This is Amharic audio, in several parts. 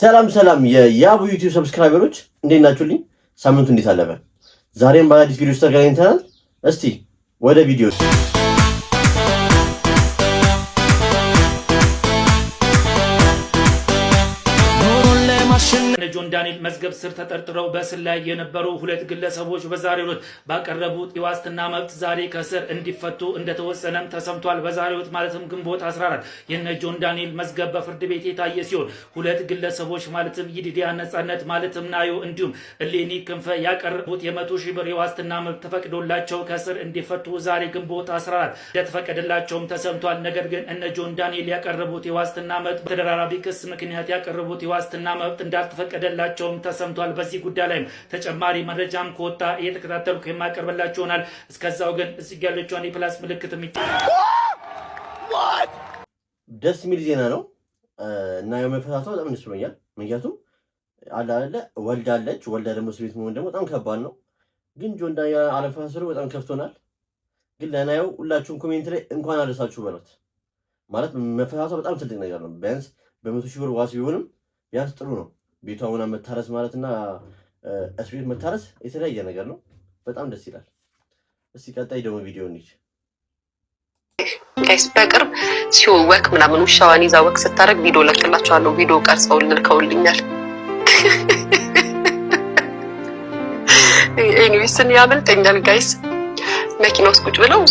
ሰላም ሰላም የያቡ ዩቲዩብ ሰብስክራይበሮች እንዴት ናችሁልኝ? ሳምንቱ እንዴት አለፈ? ዛሬም በአዲስ ቪዲዮ ተገናኝተናል። እስቲ ወደ ቪዲዮ ዳንኤል መዝገብ ስር ተጠርጥረው በእስር ላይ የነበሩ ሁለት ግለሰቦች በዛሬው ዕለት ባቀረቡት የዋስትና መብት ዛሬ ከእስር እንዲፈቱ እንደተወሰነም ተሰምቷል። በዛሬው ዕለት ማለትም ግንቦት 14 የነ ጆን ዳንኤል መዝገብ በፍርድ ቤት የታየ ሲሆን ሁለት ግለሰቦች ማለትም ይድዲያ ነጻነት ማለትም ናዮ እንዲሁም እሌኒ ክንፈ ያቀረቡት የመቶ ሺህ ብር የዋስትና መብት ተፈቅዶላቸው ከእስር እንዲፈቱ ዛሬ ግንቦት 14 እንደተፈቀደላቸውም ተሰምቷል። ነገር ግን እነ ጆን ዳንኤል ያቀረቡት የዋስትና መብት በተደራራቢ ክስ ምክንያት ያቀረቡት የዋስትና መብት እንዳልተፈቀደላ እንደሌላቸውም ተሰምቷል። በዚህ ጉዳይ ላይ ተጨማሪ መረጃም ከወጣ እየተከታተሉ የማቀርበላችሁ ይሆናል። እስከዛው ግን እዚህ ያለችን የፕላስ ምልክት የሚ ደስ የሚል ዜና ነው እና የመፈታቷ በጣም ደስ ብሎኛል። ምክንያቱም አላለ ወልዳለች ወልዳ ደግሞ ስቤት መሆን ደግሞ በጣም ከባድ ነው። ግን ጆንዳ አለፋሰሩ በጣም ከፍቶናል። ግን ለናየው ሁላችሁም ኮሜንት ላይ እንኳን አደረሳችሁ በሉት። ማለት መፈታቷ በጣም ትልቅ ነገር ነው። ቢያንስ በመቶ ሺህ ብር ዋስ ቢሆንም ቢያንስ ጥሩ ነው። ቤቷ ሆና መታረስ ማለት እና እስር ቤት መታረስ የተለያየ ነገር ነው። በጣም ደስ ይላል። እስቲ ቀጣይ ደግሞ ቪዲዮ እንሂድ። ጋይስ በቅርብ ሲሆን ወክ ምናምን ውሻዋን ይዛ ወክ ስታደርግ ቪዲዮ ለቅላችኋለሁ። ቪዲዮ ቀርጸው ልልከውልኛል። ኤኒዌይስን ያመልጠኛል ጋይስ። መኪና ውስጥ ቁጭ ብለው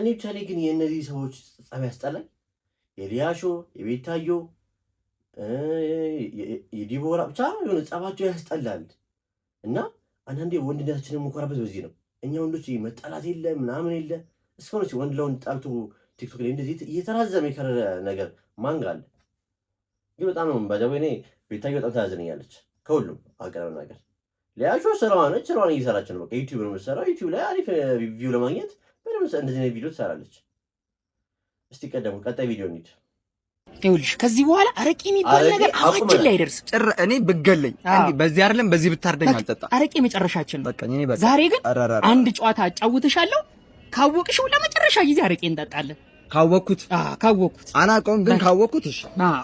እኔ ብቻ ግን የእነዚህ ሰዎች ጸብ ያስጠላል። የሊያሾ የቤታዮ የዲቦራ ብቻ የሆነ ጸባቸው ያስጠላል። እና አንዳንዴ ወንድነታችን የምንኮራበት በዚህ ነው። እኛ ወንዶች መጣላት የለ ምናምን የለ እስከሆነ ወንድ ለወንድ ጣልቶ ቲክቶክ ላይ እንደዚህ እየተራዘመ የከረረ ነገር ማንጋ አለ። ግን በጣም ነው ባጃቦ ኔ ቤታዮ በጣም ታያዝነኛለች ከሁሉም አቀረብ ነገር ሊያሾ ስራዋ ነች። ስራዋን እየሰራች ነው። በቃ ዩቲዩብ ነው የምትሰራው። ዩቲዩብ ላይ አሪፍ ቪው ለማግኘት በደምብ እንደዚህ ዓይነት ቪዲዮ ትሰራለች። እስቲ ቀደሙ ቀጣይ ቪዲዮ እንሂድ። ይኸውልሽ ከዚህ በኋላ አረቄ የሚባል ነገር አፋችን ላይ አይደርስም። ጭር እኔ ብገለኝ በዚህ አይደለም በዚህ ብታርደኝ አልጠጣ። አረቄ መጨረሻችን ነው። ዛሬ ግን አንድ ጨዋታ አጫውትሻለሁ። ካወቅሽው ለመጨረሻ ጊዜ አረቄ እንጠጣለን። ካወቅኩት ካወቅኩት አላውቀውም፣ ግን ካወቅኩት እሺ። አዎ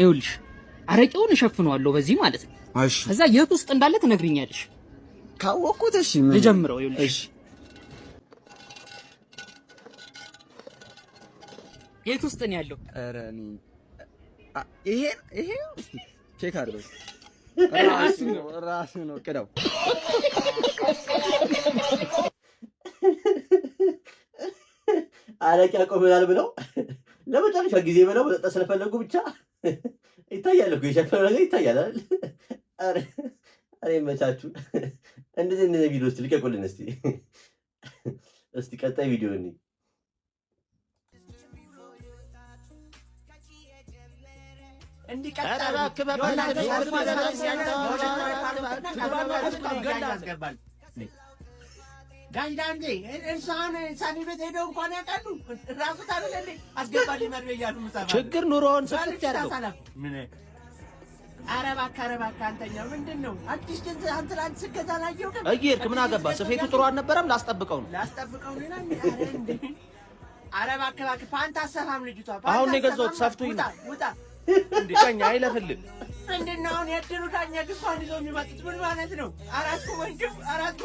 ይኸውልሽ አረቄውን እሸፍነዋለሁ በዚህ ማለት ነው። እሺ፣ ከዛ የት ውስጥ እንዳለ ትነግሪኛለሽ። ካወቅኩት እሺ ልጀምረው። ይኸውልሽ የት ውስጥ ነው ያለው? ኧረ እኔ ይሄ ይሄ እስቲ ቼክ አድርገው። ራሱ ነው ራሱ ነው ቅደው። አረቄ ያቆመናል ብለው ለመጨረሻ ጊዜ ብለው መጠጣት ስለፈለጉ ብቻ ይታያል እኮ የሸፈነው ነገር ይታያል አይደል? አሬ መቻችሁ። እንደዚህ እንደዚህ ቪዲዮ ውስጥ ልቀቁልን እስቲ እስቲ ቀጣይ ቪዲዮ እንዲቀጣል ዳንዳንዴ እሷን ሳሚ ችግር ኑሮውን ስፍት እየሄድክ ምን አገባ ስፌቱ ጥሩ አልነበረም። ላስጠብቀው ነው አሁን ነው የገዛሁት ሰፍቱኝ ነው እንዴ ዳኛ አይለፍልን። ምንድን ነው አሁን ዳኛ የሚመጡት ምን ማለት ነው? አራት አራት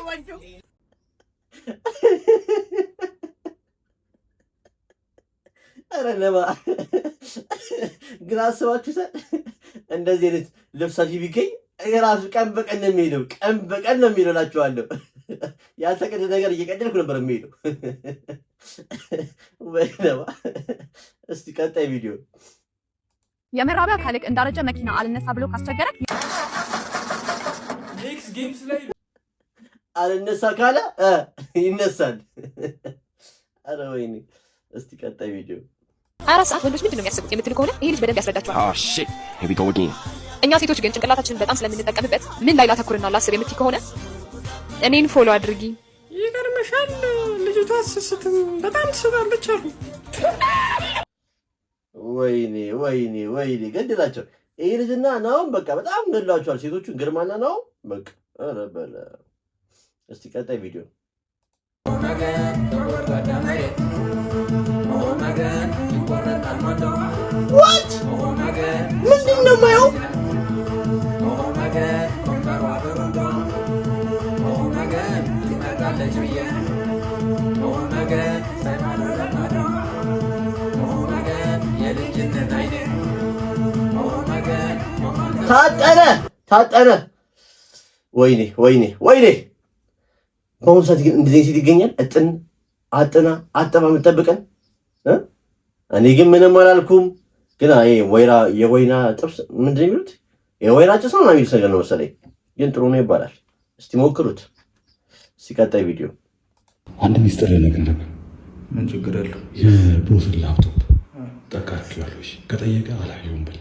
ኧረ ግን አስባችሁታል? እንደዚህ አይነት ልብሳችሁ ቢገኝ ቀን በቀን ነው የሚሄደው፣ ቀን በቀን ነው የሚሄደው እላችኋለሁ። ያልተቀደደ ነገር እየቀደድኩ ነበር የሚሄደው። ወይ እስቲ ቀጣይ ቪዲዮ የምዕራቢያ ካልክ እንዳረጀ መኪና አልነሳ ብሎ ካስቸገረ አልነሳ ካለ ይነሳል። አረ ወይኒ እስቲ ቀጣይ ቪዲዮ አራት ሰዓት ወንዶች ምንድን ነው የሚያስቡት የምትል ከሆነ ይህ ልጅ በደንብ ያስረዳቸዋል። ah, እኛ ሴቶች ግን ጭንቅላታችንን በጣም ስለምንጠቀምበት ምን ላይ ላተኩርና ላስብ የምትል ከሆነ እኔን ፎሎ አድርጊ። ይገርምሻል፣ ልጅቷ ስስትም በጣም ትስባለች አሉ ወይኔ ወይኔ ወይኔ ገድላቸው ይሄ ልጅና ናሁን በቃ በጣም ገድላቸዋል። ሴቶቹን ግርማና ናሁን በቃ ኧረ በለ እስቲ ቀጣይ ቪዲዮ ምንድን ነው የማየው? Oh ታጠረ ታጠረ። ወይኔ ወይኔ ወይኔ! በአሁኑ ሰዓት ግን እንደዚህ ሴት ይገኛል? እጥን አጥና አጠባ የምትጠብቀን። እኔ ግን ምንም አላልኩም። ግን ወይራ የወይና ጥብስ ምንድን ነው የሚሉት? የወይራ ጭስ ነው የሚሉት ነገር ነው መሰለኝ። ግን ጥሩ ነው ይባላል። እስቲ ሞክሩት። እስቲ ቀጣይ ቪዲዮ አንድ ሚስጥር ነገር ነበር። ምን ችግር አለው? የቦስን ላፕቶፕ ጠቃርኪዋለች ከጠየቀ አላየውም ብል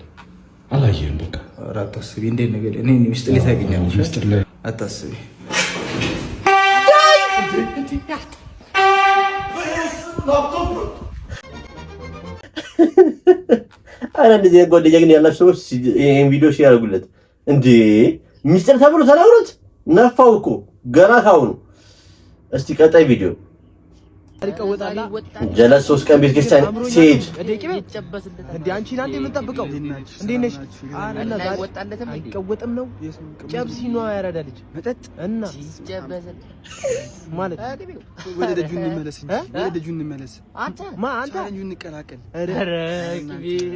አላየህም። በቃ ኧረ አታስቢ። እንዴት ነገር እኔ ሚስጥ ላይ ታገኛለሽ። ሚስጥ ላይ አታስቢ። አረ እንደዚህ ጓደኛ ግን ያላችሁ ሰዎች ይሄን ቪዲዮ ሲያደርጉለት እንዴ ሚስጥር ተብሎ ተናግሮት ነፋው እኮ ገና ካሁኑ። እስቲ ቀጣይ ቪዲዮ ጀለስ ሶስት ቀን ቤተክርስቲያን ሲሄድ እንዴ አንቺ ናንዴ የምንጠብቀው እንዴት ነሽ? አይወጣለትም አይቀወጥም ነው ጨብሲ ነው ያረዳ ልጅ መጠጥ እና ማለት ወደ ደጁ እንመለስ እንጂ ወደ ደጁ እንመለስ። አንተ ማ አንተ ደጁ እንቀላቀል። ኧረ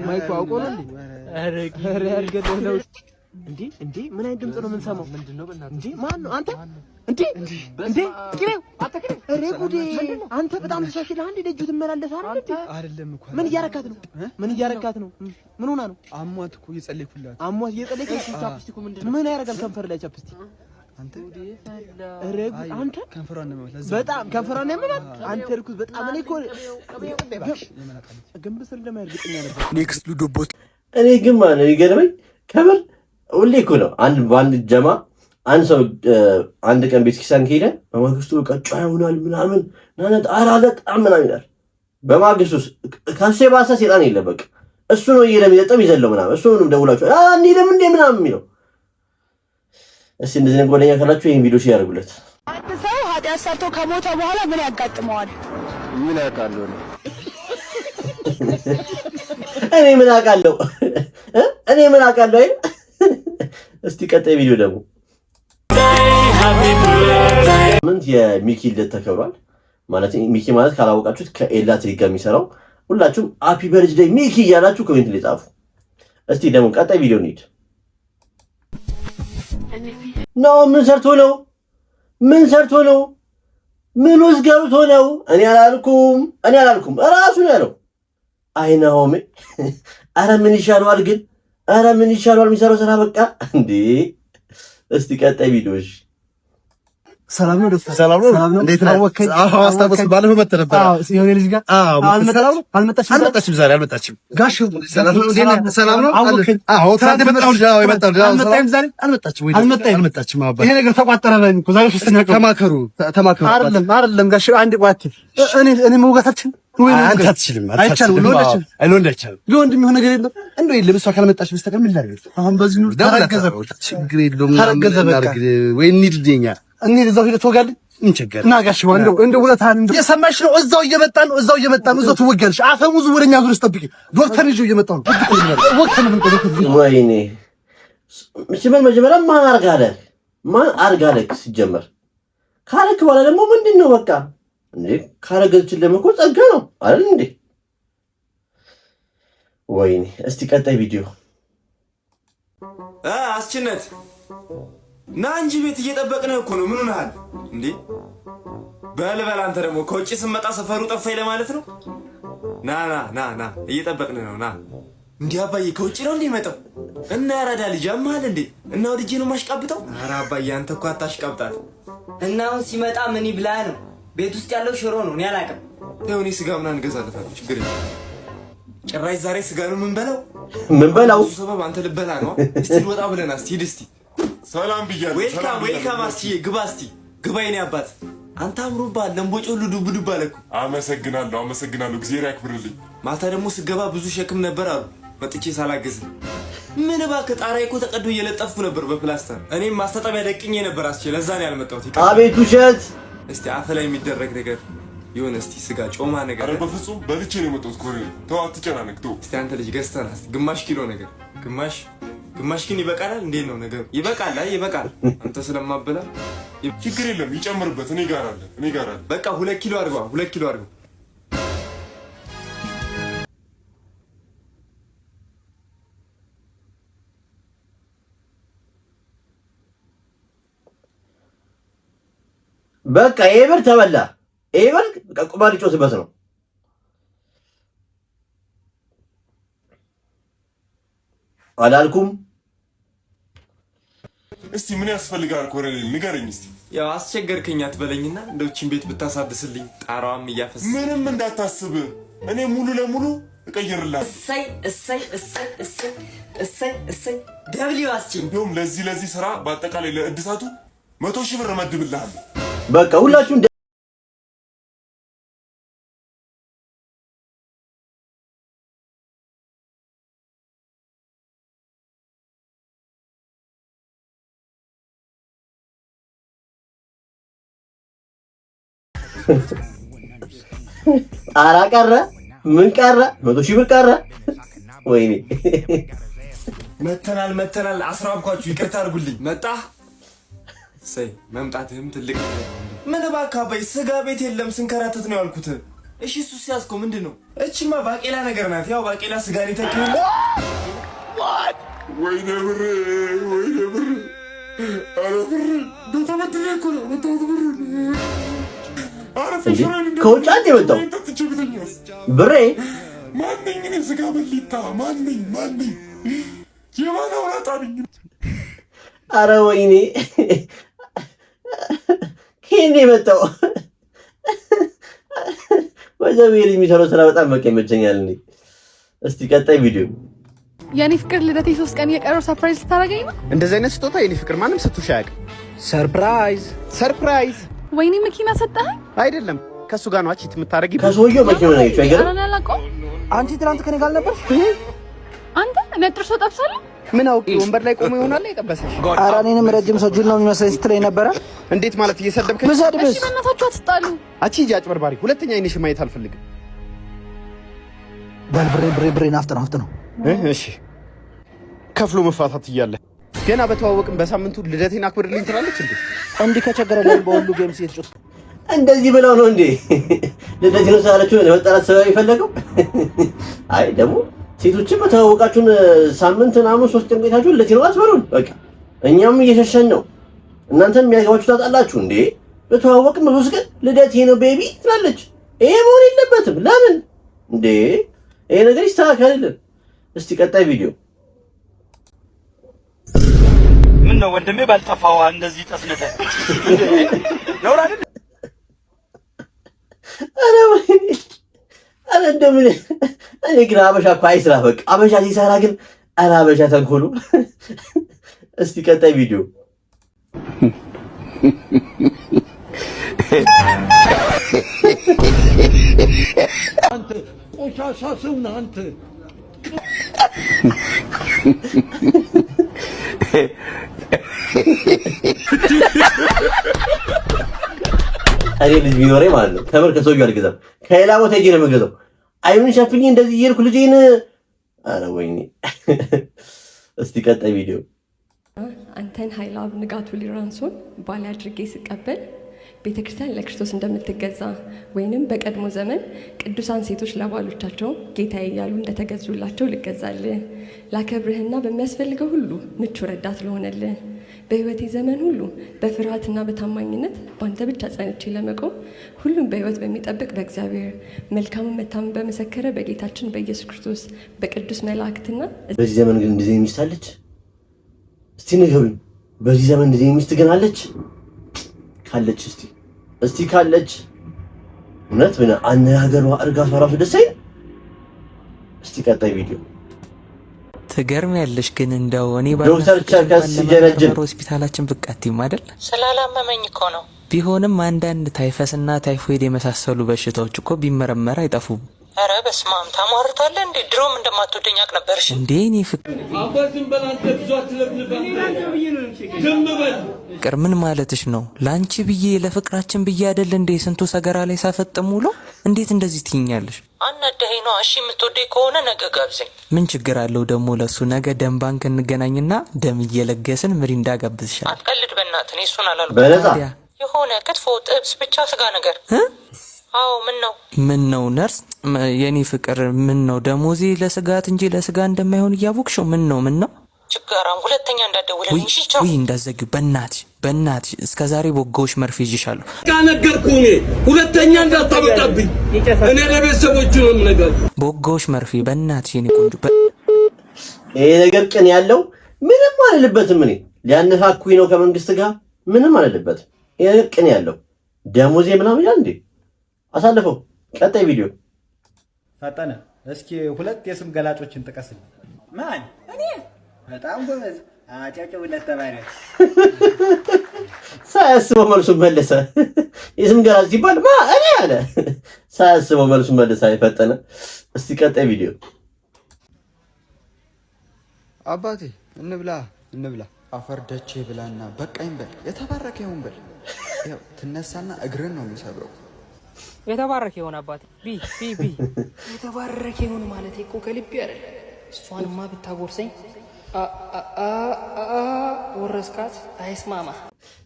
ማይኩ አውቆ ነው እንዴ? ኧረ ኧረ እንዴ እንዴ! ምን አይነት ድምጽ ነው የምንሰማው? እንዴ ማን ነው አንተ? እንዴ እንዴ! አንተ በጣም ተሻሽለህ አንድ ደጁ ትመላለሳለህ አይደል? እንዴ አይደለም እኮ ምን እያረካት ነው? ምን እያረካት ነው? ምን ሆና ነው? አሟት እኮ እየጸለይኩላት፣ አሟት ቻፕስቲኩ ምንድነው? ምን ከንፈር ላይ ቻፕስቲክ? አንተ ከንፈሯን ነው የምመታት፣ በጣም ከንፈሯን ነው የምመታት። አንተ በጣም እኔ እኮ ኔክስት እኔ ግን ይገርመኝ ሁሌ እኮ ነው አንድ በአንድ ጀማ አንድ ሰው አንድ ቀን ቤት ቤተክርስቲያን ከሄደ በማግስቱ ቀጫ ይሆናል ምናምን ናነት አራለጥ ምናምን ይላል። በማግስቱ ከሱ የባሰ ሴጣን የለ በቃ እሱ ነው እየለሚጠጠም ይዘለው ምናምን እሱ ነው ደውላቸው እንሄድም እንዴ ምናምን የሚለው። እስቲ እንደዚህ ነው ጓደኛ ካላችሁ ይህን ቪዲዮ ሲያደርጉለት አንድ ሰው ኃጢአት ሰርቶ ከሞተ በኋላ ምን ያጋጥመዋል? ምን ያውቃለሁ እኔ ምን አውቃለሁ እኔ ምን አውቃለሁ አይደል እስቲ ቀጣይ ቪዲዮ ደግሞ ምንት የሚኪ ልደት ተከብሯል። ማለት ሚኪ ማለት ካላወቃችሁት ከኤላ ትሪክ ጋር የሚሰራው ሁላችሁም አፒ በርጅ ደይ ሚኪ እያላችሁ ኮሜንት ላይ ጻፉ። እስቲ ደግሞ ቀጣይ ቪዲዮ እንሂድ። ኖ ምን ሰርቶ ነው? ምን ሰርቶ ነው? ምን ውስጥ ገብቶ ነው? እኔ አላልኩም፣ እኔ አላልኩም፣ እራሱ ነው ያለው። አይናሆሜ አረ ምን ይሻለዋል ግን አረ ምን ይሻላል የሚሰራው ስራ በቃ እንዴ። እስቲ ቀጣይ ቪዲዮሽ ሰላም ነው ዶክተር፣ ሰላም ነው። እንዴት ነው? አዎ አስታውሰው፣ ባለፈው መጥተህ ነበር። አዎ የሆነ ልጅ ጋር አዎ፣ አልመጣሽም አልመጣሽም ዛሬ አልመጣሽም ጋሽ ሰላም ነው፣ ሰላም ነው። አዎ ትናንት ልጅ፣ አዎ ልጅ፣ ዛሬ አልመጣችም፣ አልመጣሽም አልመጣሽም አባ ይሄ ነገር ተቋጠረ በለኝ እኮ ዛሬ ሶስተኛ ቀን። ተማከሩ፣ ተማከሩ። አይደለም፣ አይደለም ጋሽ፣ አንድ ቋት እኔ እኔ መውጋታችን አንተ አትችልም፣ አይቻልም። ነገር የለም። የለም እሷ በስተቀር ምን ላድርግ አሁን? በዚህ ኑር ተረገዘ፣ ችግር የለውም። ተረገዘ በቃ ወይ እንሂድ እንሂድ እዛው ሄደ ትወጋለህ። ምን ችግር እና ጋሽ ወንዶ እንደ ውለታን እንደ የሰማሽ ነው። እዛው እየመጣ ነው። እዛው እየመጣ ነው። እዛው ትወጋለሽ። አፈሙዙ ወደኛ ዙር ስጠብቂ ዶክተር ይዤው እየመጣ ነው። ወይኔ ሲጀመር መጀመሪያ ማን አርጋለህ? ማን አርጋለህ? ሲጀመር ካረክ በኋላ ደግሞ ምንድን ነው በቃ እንዴ ካረገችን ለምኮ ጸጋ ነው አይደል እንዴ? ወይኔ እስቲ ቀጣይ ቪዲዮ አስችነት ና እንጂ ቤት እየጠበቅንህ እኮ ነው። ምን ሆነሃል እንዴ? በል በል አንተ ደግሞ ከውጭ ስመጣ ሰፈሩ ጠፋኝ ለማለት ነው። ና ና ና ና እየጠበቅንህ ነው። ና እንዲህ አባዬ ከውጭ ነው እንዴ መጣው እና ያራዳ ልጅ አማል እንዴ እና ወድጄ ነው ማሽቃብጠው። ኧረ አባዬ አንተ እኮ አታሽቃብጣት። እና አሁን ሲመጣ ምን ይብላ ነው? ቤት ውስጥ ያለው ሽሮ ነው። እኔ አላውቅም። ይኸው እኔ ስጋ ምናምን እንገዛለታለሁ። ችግር የለም። ጭራሽ ዛሬ ስጋ ነው የምንበላው። ምን በላው ሰበብ አንተ ልበላ ነው። እስቲ ልወጣ ብለና እስቲ ሂድ እስቲ ሰላም ብያለሁ። ዌልካም ዌልካም። አስቲዬ ግባ እስቲ ግባ። የኔ አባት አንተ አምሮብሃል። ለምቦጮ ሁሉ ዱብ ዱብ አለ እኮ። አመሰግናለሁ አመሰግናለሁ። እግዚአብሔር ያክብርልኝ። ማታ ደግሞ ስገባ ብዙ ሸክም ነበር አሉ መጥቼ ሳላገዝ። ምን እባክህ ጣሪያ እኮ ተቀዶ እየለጠፍኩ ነበር በፕላስተር። እኔም ማስታጠቢያ ደቅኜ ነበር አስቼ፣ ለዛ ነው ያልመጣሁት። አቤት ውሸት። እስቲ አፈ ላይ የሚደረግ ነገር የሆነ እስቲ ስጋ ጮማ ነገር። አረ በፍጹም በልቼ ነው የመጣሁት። ኮሪ ተው አትጨናነቅ። ተው እስቲ አንተ ልጅ ገዝተና ግማሽ ኪሎ ነገር ግማሽ ግማሽ ግን ይበቃላል። እንዴት ነው ነገር? ይበቃል። አይ ይበቃል። አንተ ስለማበላ ችግር የለም ይጨምርበት። እኔ ጋር አለ፣ እኔ ጋር አለ። በቃ ሁለት ኪሎ አድርገዋ፣ ሁለት ኪሎ አድርገው። በቃ ኤቨር ተበላ። ኤቨር ብር በቃ ቁማር ጮትበት ነው አላልኩም። እስቲ ምን ያስፈልጋል ኮረኔል ንገረኝ እስቲ። ያው አስቸገርከኝ አትበለኝና እንደውችን ቤት ብታሳድስልኝ ጣራዋም እያፈስ ምንም እንዳታስብ እኔ ሙሉ ለሙሉ እቀይርላት። እሰይ እሰይ እሰይ እሰይ እሰይ እሰይ ደብሊው አስችል። እንዲሁም ለዚህ ለዚህ ስራ በአጠቃላይ ለእድሳቱ መቶ ሺህ ብር እመድብልሃለሁ። በቃ ሁላችሁ ጣራ ቀረ፣ ምን ቀረ፣ መቶ ሺህ ብር ቀረ። ወይኔ መተናል መተናል። አስራብኳችሁ፣ ይቅርታ አድርጉልኝ። መጣ ሰይ መምጣትህም ትልቅ ምን እባክህ አባይ ስጋ ቤት የለም ስንከራተት ነው ያልኩት። እሺ እሱ ሲያዝከው ምንድን ነው? እችማ ባቄላ ነገር ናት። ያው ባቄላ ስጋ ነው ተክል። ወይኔ ብር ወይኔ ብር፣ አረ ብር በተበድሬ እኮ ነው በተበድሬ ከውጭ አንድ የመጣው ብሬ ማነኝ? እኔ ስጋ በቂታ ማነኝ? ማነኝ? የማን አውራጣ ነኝ? አረ ወይኔ ከኔ የመጣው በዛ ብሄር የሚሰራው ስራ በጣም በቃ ይመቸኛል። እኔ እስቲ ቀጣይ ቪዲዮ የኔ ፍቅር ልደት ሶስት ቀን የቀረው ሰርፕራይዝ ልታደርገኝ ነው። እንደዚህ አይነት ስጦታ የኔ ፍቅር ማንም ስቶሽ አያውቅም። ሰርፕራይዝ ሰርፕራይዝ! ወይኔ መኪና ሰጠኸኝ አይደለም ከእሱ ጋር ነው አቺት የምታደርጊው። ከሰውዬው መቼ ነው አንቺ ትናንት ከኔ ጋር አልነበርሽ? አንተ ነጥር ሰው ጠብሳለሁ። ምን አውቄ ወንበር ላይ ቆሞ ይሆናል የጠበሰሽ። ኧረ እኔንም ረጅም ሰው ጁል ነው የሚመስለኝ ስትለኝ ነበረ። እንዴት ማለት እየሰደብከኝ? እሺ በእናታችሁ አትጣሉ። አቺ ሂጂ አጭበርባሪ። ሁለተኛ አይንሽ ማየት አልፈልግም። በል ብሬ ብሬ ብሬ ናፍጥነው ነው። እሺ ከፍሎ መፋታት እያለ ገና በተዋወቅን በሳምንቱ ልደቴን አክብርልኝ ትላለች እንዴ! እንዲህ ከቸገረ ላይ በሁሉ ጌምስ እየተጫወትኩ እንደዚህ ብለው ነው እንዴ? ለዚህ ነው ሳለችው ለመጣላት ሰበብ የፈለገው? አይ ደግሞ ሴቶችም ተዋወቃችሁን ሳምንት ምናምን ሶስት ቀን ቆይታችሁን ለዚህ ነው አትበሉን። በቃ እኛም እየሸሸን ነው፣ እናንተም የሚያገባችሁ ታጣላችሁ እንዴ? በተዋወቅም በሶስት ቀን ልደቴ ነው ቤቢ ትላለች። ይሄ መሆን የለበትም። ለምን እንዴ? ይሄ ነገር ይስተካከልልን። እስቲ ቀጣይ ቪዲዮ ምን ነው ወንድሜ ባልጠፋዋ እንደዚህ ጠፍነተ ነውራ ኧረ እንደምን እኔ ግን አበሻ እኮ አይስራ በቃ አበሻ ሲሰራ ግን ኧረ አበሻ ተንኮሉ። እስቲ ቀጣይ ቪዲዮ አንተ ቆሻሻ ሰው ነህ አንተ። እኔ ልጅ ቢኖረኝ ማለት ነው። ተምር ከሰውዬው አልገዛም፣ ከሌላ ቦታ ሄጄ ነው የምገዛው። አይኑን ሸፍኜ እንደዚህ እየሄድኩ ልጄን። አረ ወይኔ! እስቲ ቀጣይ ቪዲዮ አንተን ሀይላብ ንጋቱ ሊራንሶን ባል አድርጌ ስቀበል ቤተክርስቲያን ለክርስቶስ እንደምትገዛ ወይንም በቀድሞ ዘመን ቅዱሳን ሴቶች ለባሎቻቸው ጌታ እያሉ እንደተገዙላቸው ልገዛልህ ላከብርህና በሚያስፈልገው ሁሉ ምቹ ረዳት ለሆነልህ በህይወቴ ዘመን ሁሉ በፍርሃትና በታማኝነት በአንተ ብቻ ጸንቼ ለመቆም ሁሉም በህይወት በሚጠብቅ በእግዚአብሔር መልካሙን መታመን በመሰከረ በጌታችን በኢየሱስ ክርስቶስ በቅዱስ መላእክትና በዚህ ዘመን ግን እንደዚህ ሚስት አለች? እስቲ ንገሩኝ። በዚህ ዘመን እንደዚህ ሚስት ግን አለች? ካለች እስቲ እስቲ ካለች እውነት አነጋገሯ እርጋቷ ራሱ ደስ አይል። እስቲ ቀጣይ ቪዲዮ ያለሽ ግን እንደው እኔ ዶክተር ቸርከስ ሲጀረጅር ሆስፒታላችን ብቃት ይማደል ስላላመመኝ እኮ ነው። ቢሆንም አንዳንድ ታይፈስና ታይፎይድ የመሳሰሉ በሽታዎች እኮ ቢመረመር አይጠፉም። ኧረ በስመ አብ ታሟርታለህ እንዴ! ድሮም እንደማትወደኝ አውቅ ነበርሽ እንዴ እኔ ፍቅር ምን ማለትሽ ነው? ለአንቺ ብዬ ለፍቅራችን ብዬ አይደል እንዴ ስንቱ ሰገራ ላይ ሳፈጥም ውሎ እንዴት እንደዚህ ትይኛለሽ? አናደኸኝ ነው። እሺ የምትወደኝ ከሆነ ነገ ጋብዘኝ። ምን ችግር አለው ደግሞ ለሱ። ነገ ደም ባንክ እንገናኝና ደም እየለገስን ምሪ እንዳጋብዝሻል። አትቀልድ በእናትህ እኔ እሱን አላልኩም። የሆነ ክትፎ ጥብስ ብቻ ስጋ ነገር አዎ ምን ነው ምን ነው ነርስ የኔ ፍቅር ምን ነው ደሞዜ ለስጋት እንጂ ለስጋ እንደማይሆን እያወቅሽው ምን ነው ምን ነው ችጋራም ሁለተኛ እንዳደውለን ሽቻው ውይ እንዳዘጊው በእናት በእናትሽ እስከ ዛሬ ቦጋዎች መርፌ ይዤሻለሁ ነገርኩ እኔ ሁለተኛ እንዳታመጣብኝ እኔ ለቤተሰቦች ነው ነገር ቦጋዎች መርፌ በእናት የኔ ቆንጆ ይሄ ነገር ቅን ያለው ምንም አልልበትም እኔ ሊያነካኩኝ ነው ከመንግስት ጋር ምንም አልልበትም ይሄ ነገር ቅን ያለው ደሞዜ ምናምን ያ እንዴ አሳልፈው። ቀጣይ ቪዲዮ ፈጠነ። እስኪ ሁለት የስም ገላጮችን ጥቀስልኝ። ማን? እኔ በጣም ጎበዝ ሁለት ተባለ ሳያስበው መልሱ መለሰ። የስም ገላጭ ሲባል ማ እኔ አለ። ሳያስበው መልሱ መለሰ። አይፈጠነ። እስቲ ቀጣይ ቪዲዮ አባቴ እንብላ እንብላ አፈር ደቼ ብላና በቃኝ በል የተባረከ ይሁን በል። ትነሳና እግርን ነው የሚሰብረው የተባረክ የሆነ አባት ቢ ቢ ቢ የተባረክ የሆን ማለት እኮ ከልቤ አይደለም። እሷንማ ብታጎርሰኝ ወረስካት አይስማማ።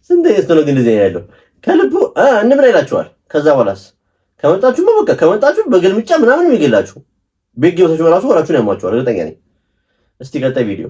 ስንት ገዝቶ ነው ግን ያለው ከልቡ እንምን አይላችኋል። ከዛ በኋላስ ከመጣችሁ በቃ ከመጣችሁ በግልምጫ ምናምን የሚገላችሁ ቤት ገብታችሁ ራሱ ወራችሁን ያሟችኋል። እርግጠኛ ነኝ። እስቲ ቀጣይ ቪዲዮ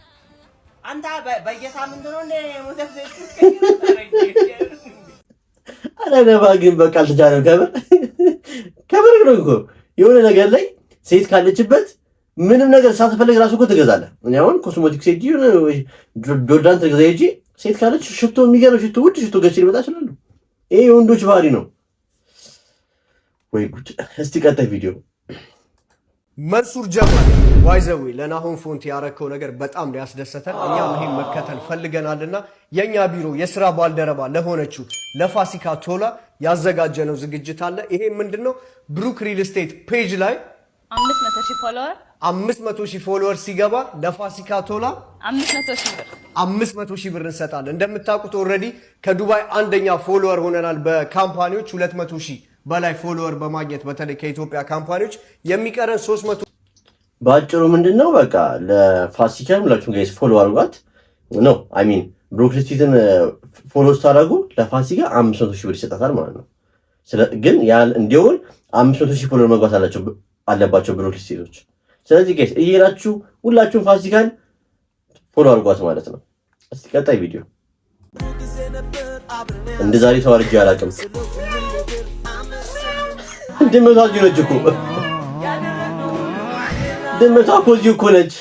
አንተ በየሳምንት ነው እንደ ሙዘፍዘፍ አለነባ ግን በቃ አልተቻለም። ከብር ከብር ነው እኮ የሆነ ነገር ላይ ሴት ካለችበት ምንም ነገር ሳትፈልግ ራሱ እኮ ትገዛለህ። እኔ አሁን ኮስሞቲክስ ሄጂ ዶርዳን ትገዛ ሄጂ ሴት ካለች ሽቶ የሚገርም ሽቶ ውድ ሽቶ ገች ሊመጣ ይችላሉ። ይሄ የወንዶች ባህሪ ነው ወይ ጉድ! እስቲ ቀጣይ ቪዲዮ መንሱር ጀማል ዋይዘዊ ለናሆም ፎንቲ ያረከው ነገር በጣም ሊያስደሰተን እኛም ይህን መከተል ፈልገናልና የእኛ ቢሮ የስራ ባልደረባ ለሆነችው ለፋሲካ ቶላ ያዘጋጀነው ዝግጅት አለ። ይሄ ምንድን ነው? ብሩክ ሪል ስቴት ፔጅ ላይ አምስት መቶ ሺህ ፎሎወር ሲገባ ለፋሲካ ቶላ አምስት መቶ ሺህ ብር እንሰጣለን። እንደምታውቁት ኦልሬዲ ከዱባይ አንደኛ ፎሎወር ሆነናል። በካምፓኒዎች ሁለት መቶ ሺህ በላይ ፎሎወር በማግኘት በተለይ ከኢትዮጵያ ካምፓኒዎች የሚቀረን ሶስት መቶ በአጭሩ ምንድን ነው በቃ ለፋሲካ ሁላችሁም ጋይስ ፎሎ አድርጓት ነው አይሚን ብሮክሊስቲትን ፎሎ ስታደረጉ ለፋሲካ አምስት መቶ ሺህ ብር ይሰጣታል ማለት ነው። ግን እንዲሆን አምስት መቶ ሺህ ፎሎ መግባት አለባቸው ብሮክሊስቲቶች። ስለዚህ ጋይስ እየሄዳችሁ ሁላችሁም ፋሲካን ፎሎ አድርጓት ማለት ነው። እስቲ ቀጣይ ቪዲዮ እንደዛሬ ዛሬ ተዋርጄ አላውቅም። ድመቷ እዚህ ነች እኮ ድመቷ እኮ እዚህ እኮ ነች።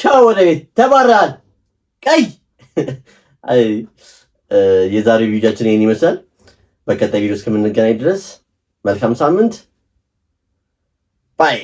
ቻው ወደ ቤት ተባራል። ቀይ የዛሬው ቪዲዮችን ይህን ይመስላል። በቀጣይ ቪዲዮ እስከምንገናኝ ድረስ መልካም ሳምንት ባይ